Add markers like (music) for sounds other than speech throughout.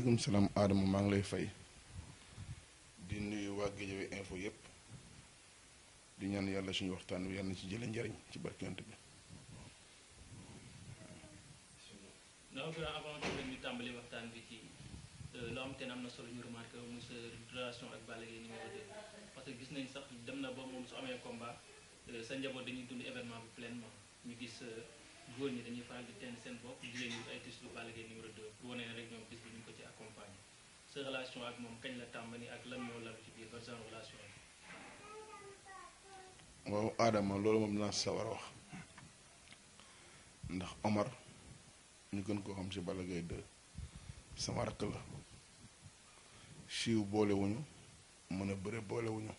waaleykum salam adam ma nglay fay di nuyu waggi Guédiawaye info yep di ñaan yalla suñu waxtaan wi yàlla ci jël njariñ ci barkent bi. non grand avant de ñu tambali waxtaan bi ci euh, loo am te am na solo ñu remarqué muy sa relation ak balé ni numéro 2 parce que gis nañ sax dem na ba mom su amé combat euh, sa njaboot dañuy dund événement bi pleinement ñu gis. Euh, góor ñi dañuy faral di tenn seen bopp jigéen ñi wut ay tislu Balla Gaye numéro 2 pour wane ne rek ñoom bis bi ñu ko ci accompagné sa relation ak moom kañ la tàmbali ak lan moo lalu ci biir ba genre relation bi waaw adama loolu moom dinaa sawar wax ndax Omar ñu gën koo xam si Balla Gaye 2 sama rakk la siiw boole wuñu mën a bëre boole wuñu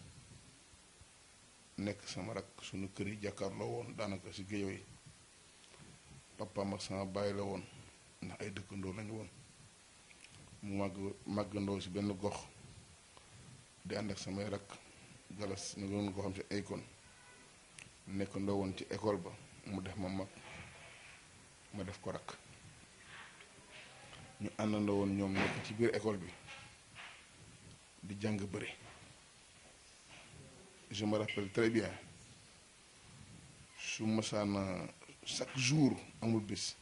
nekk sama rakk suñu kër yi jàkkaarloo woon daanaka si géew yi papa ak sama bàyyi la won ndax ay dëkkandoo lañ won mu mag màggandoo ci ben gox di ànd ak rak galas ñu doon ko xam ci aykoon nekkandoo woon ci école ba mu def ma mag ma def ko rak ñu àndandoo woon nekk ci biir école bi di jang je me rappelle très bien su sana chaque jour amul bés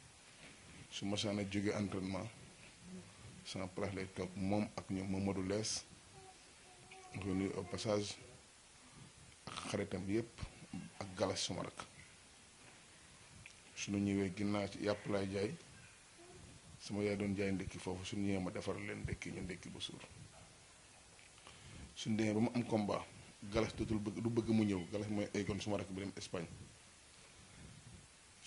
su ma saan a jóge entraînement sama place lay toog moom ak ñoom Mamadou Lees nga koy nuyu au passage ak xaritam yépp ak galas suma rak suñu ñëwee ginnaaw ci yàpp laay jaay sama yaay doon jaay ndékki foofu suñu ñëwee ma defar leen ndékki ñu suur suñu ba mu am combat galas dootul bëgg du bëgg mu ñëw galas mooy aygoon suma rak bi dem Espagne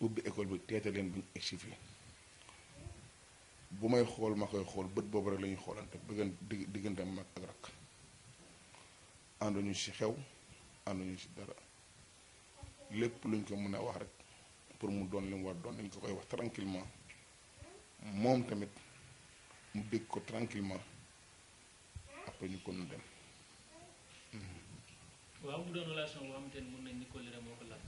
ubbi école bi teete leen bañ egsi fii bu may xool ma koy xool bët boobu rek la ñuy xoolante bëggan diggante mag ak rakk ànduñu ci xew ànduñu si dara lépp luñ ko mën a wax rek pour mu doon li mu war doon dañ ko koy wax tranquillement moom tamit mu dégg ko tranquillement après ñu kon dem waaw mu doon relation boo xamante ni mën nañ ni kóllëre moo ko laal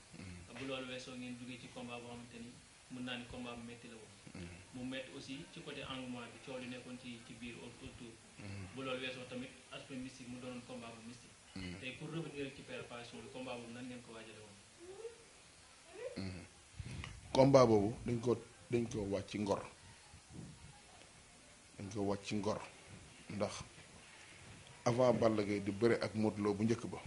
bu loolu weesoo ngeen mm. duggee ci combat boo xamante ni mën naa ni combat bu métti la woon mu métti aussi ci côté engouement bi coow li nekkoon ci ci biir autour bu loolu weesoo tamit aspect mystique mu doonoon combat bu mystique tey pour revenir ci préparation bi combat boobu nan ngeen ko waajale woon combat boobu dañ ko dañ ko wàcc ngor dañ ko wàcc ngor ndax avant Balla di bere ak Modou Lo bu njëkk ba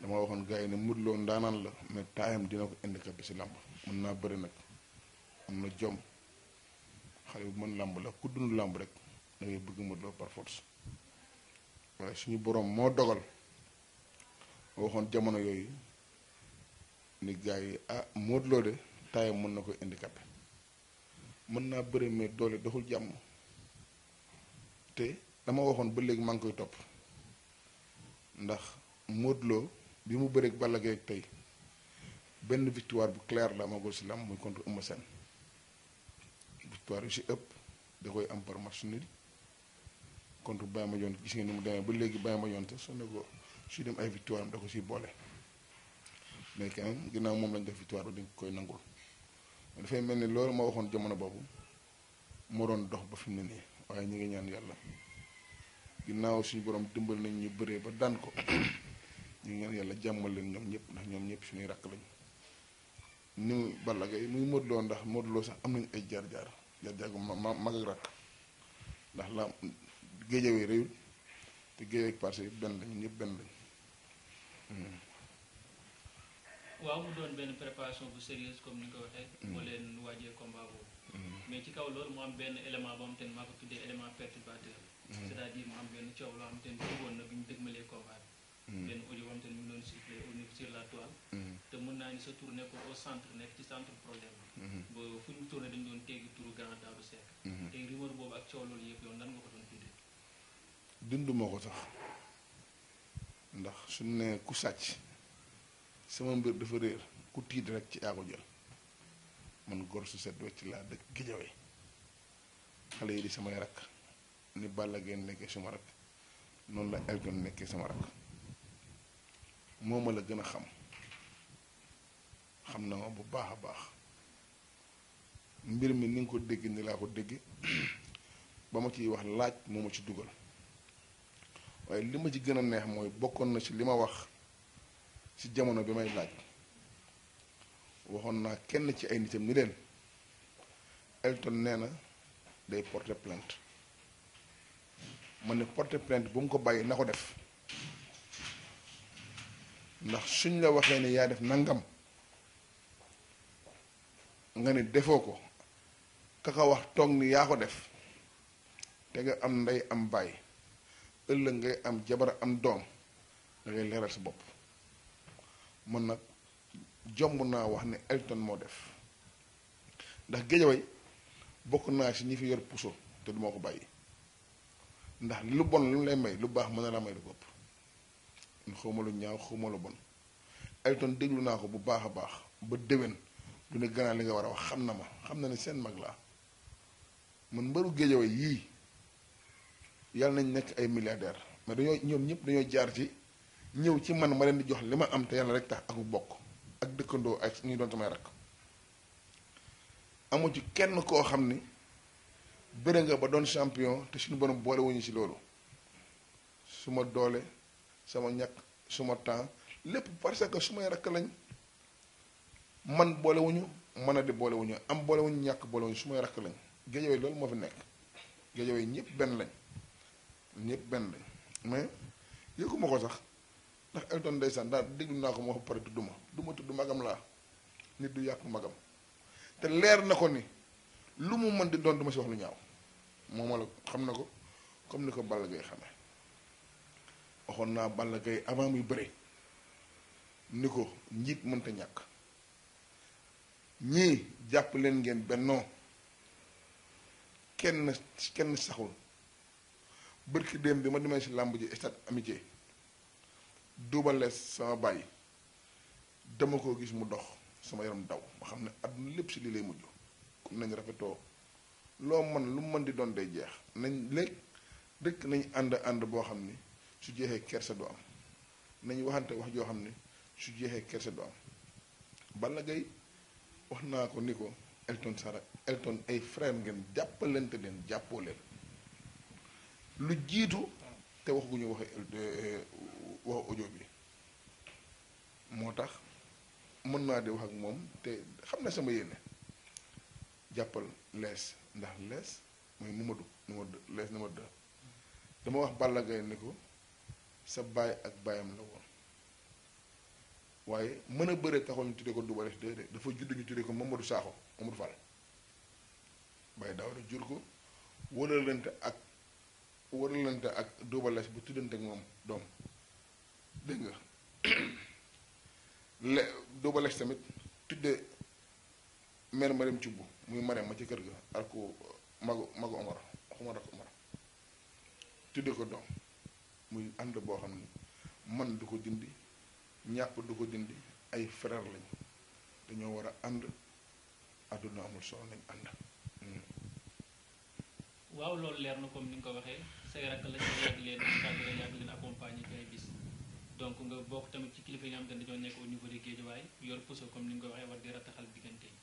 dama waxoon gars yi ne Modou ndaanaan la mais taayam dina ko handicapé si làmb mën naa bëri nag am na jom xale bu mën làmb la ku dund làmb rek da par force waaye suñu boroom moo dogal ma waxoon jamono yooyu ni gars yi ah Modou de taayam mën na ko handicapé mën naa bëri mais doole doxul jàmm te dama waxoon ba léegi maa ngi koy topp ndax Modou bi mu bëreeg Balla Gaye tey benn victoire bu claire la amagul si lam muy contre Eumeu Sène victoire yu si ëpp da koy am par match nul contre Baye ma gis nga ni mu demee ba léegi Baye Mandione te su ne suy dem ay victoire am da ko siy boole mais quand ginnaaw moom lañ def victoire bi dañ koy nangul dafay mel ni loolu ma waxoon jamono boobu moo doon dox ba fi mu ne nii waaye ñu ngi ñaan yàlla ginnaaw suñu borom dëmbal nañ ñu bëree ba daan ko. ñu ñaan yàlla jàmmal leen ñoom ñëpp ndax ñoom ñëpp suñuy rakk lañ ni muy Balla Gaye muy Modou Lo ndax Modou Lo sax am nañu ay jaar jaar jaar jaar gu ma mag ak rakk ndax la géejawee réyul te géej ak parce yëpp benn lañu ñëpp benn lañu hmm. waaw mu doon benn préparation bu sérieuse comme ni ko waxee hmm. moo leen waajee combat boobu hmm. mais ci kaw loolu mu am benn élément boo te ne maa ko tuddee élément perturbateur c'est-à-dire mu am benn coow loo xam te ne bëggoon na bi ñu dëgmalee combat bi Mm. benn audio boo xamante mm. te mën naa ni sa tour nekkul au centre nekk ci centre problème bi. Mm-hmm. fu ñu tourné dañu mm-hmm. ko moo ko sax ndax su ne ku sàcc sama mbir dafa réer ku tiit rek ci yaa ko jël man gor su set wecc laa dëkk Guédiawaye xale yi di samay rakk ni Balla Gaye nekkee sama rakk noonu la Elton nekkee sama rakk. moo ma la gën a xam xam na ma bu baax a baax mbir mi ni nga ko dégg ni laa ko dégg (clears throat) ba ma ciy wax laaj moo ma ci dugal waaye li ma ci gën a neex mooy bokkoon na ci li ma wax ci jamono bi may laaj waxoon naa kenn ci ay nitam ni leen Elton nee na day porte plainte ma ne porte plainte bu mu ko bàyyi na ko def ndax suñ la waxee ne yaa def nangam nga ne defoo ko kaka wax toog ni yaa ko def te nga am nday am bàyyi ëllëg ngay am jabar am doom da ngay leeral sa bopp man nag jomb naa wax ne elton moo def ndax géejaway bokk naa si ñi fi yor puso te du ma ko bàyyi ndax lu bon lu lay may lu baax mën la may lu bopp ma lu ñaaw xawma lu bon ay Elton déglu naa ko bu baax a baax ba déwén du ne gannaaw li nga war a wax xam na ma xam na ne seen mag laa man mbëru géejawaay yii yàlla nañ nekk ay milliardaire mais dañoo ñoom ñëpp dañoo jaar ci ñëw ci man ma leen di jox li ma am te yàlla rek tax ak bokk ak dëkkandoo ak ñu doon samay rakk amu ci kenn koo xam ni bëre nga ba doon champion te suñu borom boole wuñu ci loolu su ma doole sama ñàkk suma temps lépp parce que su may rakk lañ man boolewuñu mën a di boolewuñu am boolewuñu ñàkk boolewuñu su may rakk lañ géejawee loolu moo fi nekk géejawee ñëpp benn lañ ñëpp benn lañ mais yëguma ko sax ndax Elton ndeysaan daal déglu naa ko moo fa pare tudd ma duma ma tudd magam laa nit du yàq magam te leer na ko ni lu mu mën di doon duma ma si wax lu ñaaw moom la xam na ko comme ni ko Balla Gaye xamee waxoon naa Balla Gaye avant muy bëre ni ko njiit mënta ñàkk ñii jàpp leen ngeen bennoo kenn kenn saxul bërki bi ma demee si làmb ji stade amitié duubalees sama bàyyi dama ko gis mu dox sama yaram daw ma xam ne àdduna lépp si lii lay mujj comme nañ rafetoo loo man lu mën di doon day jeex nañ léeg dëkk nañ ànd ànd boo xam ni su jeexee kersa du am nañu waxante wax joo xam ne su jeexee kersa du am Balla Gaye wax naa ko ni ko Elton Sara Elton ay frère ngeen jàppalante leen jàppoo leen lu jiitu te wax gu ñu waxe eh, wax audio bi moo tax mën naa di wax ak moom te xam na sama yéene jàppal lees ndax lees mooy numéro numéro lees numéro deux dama wax Balla Gaye ni ko sa baay ak baayam la woon waaye mën a bëre taxaw ñu tuddee ko Double Less déedéet dafa judd ñu tuddee ko Mamadou Sakho Mamadou Fall Baye Daouda jur ko wëralante ak wëralante ak Double bu tuddante moom doom dégg nga le Double Less tamit tudde mère Marème Thioub muy Marème ma ci kër gi ak magu magu Omar xuma rak Omar tudde ko doom muy and bo xamni man duko dindi ñàpp duko dindi ay frère lañ dañu wara and aduna amul solo nañ and hmm. waaw loolu leer na comme ni nga ko waxee say rakk la ci yàgg leen tàgg la yàgg leen accompagner ci bis donc nga bokk tamit ci kilifa yi nga xam ne dañoo nekk au niveau de géejuwaay yor pousse comme ni nga ko waxee war di rataxal diggante yi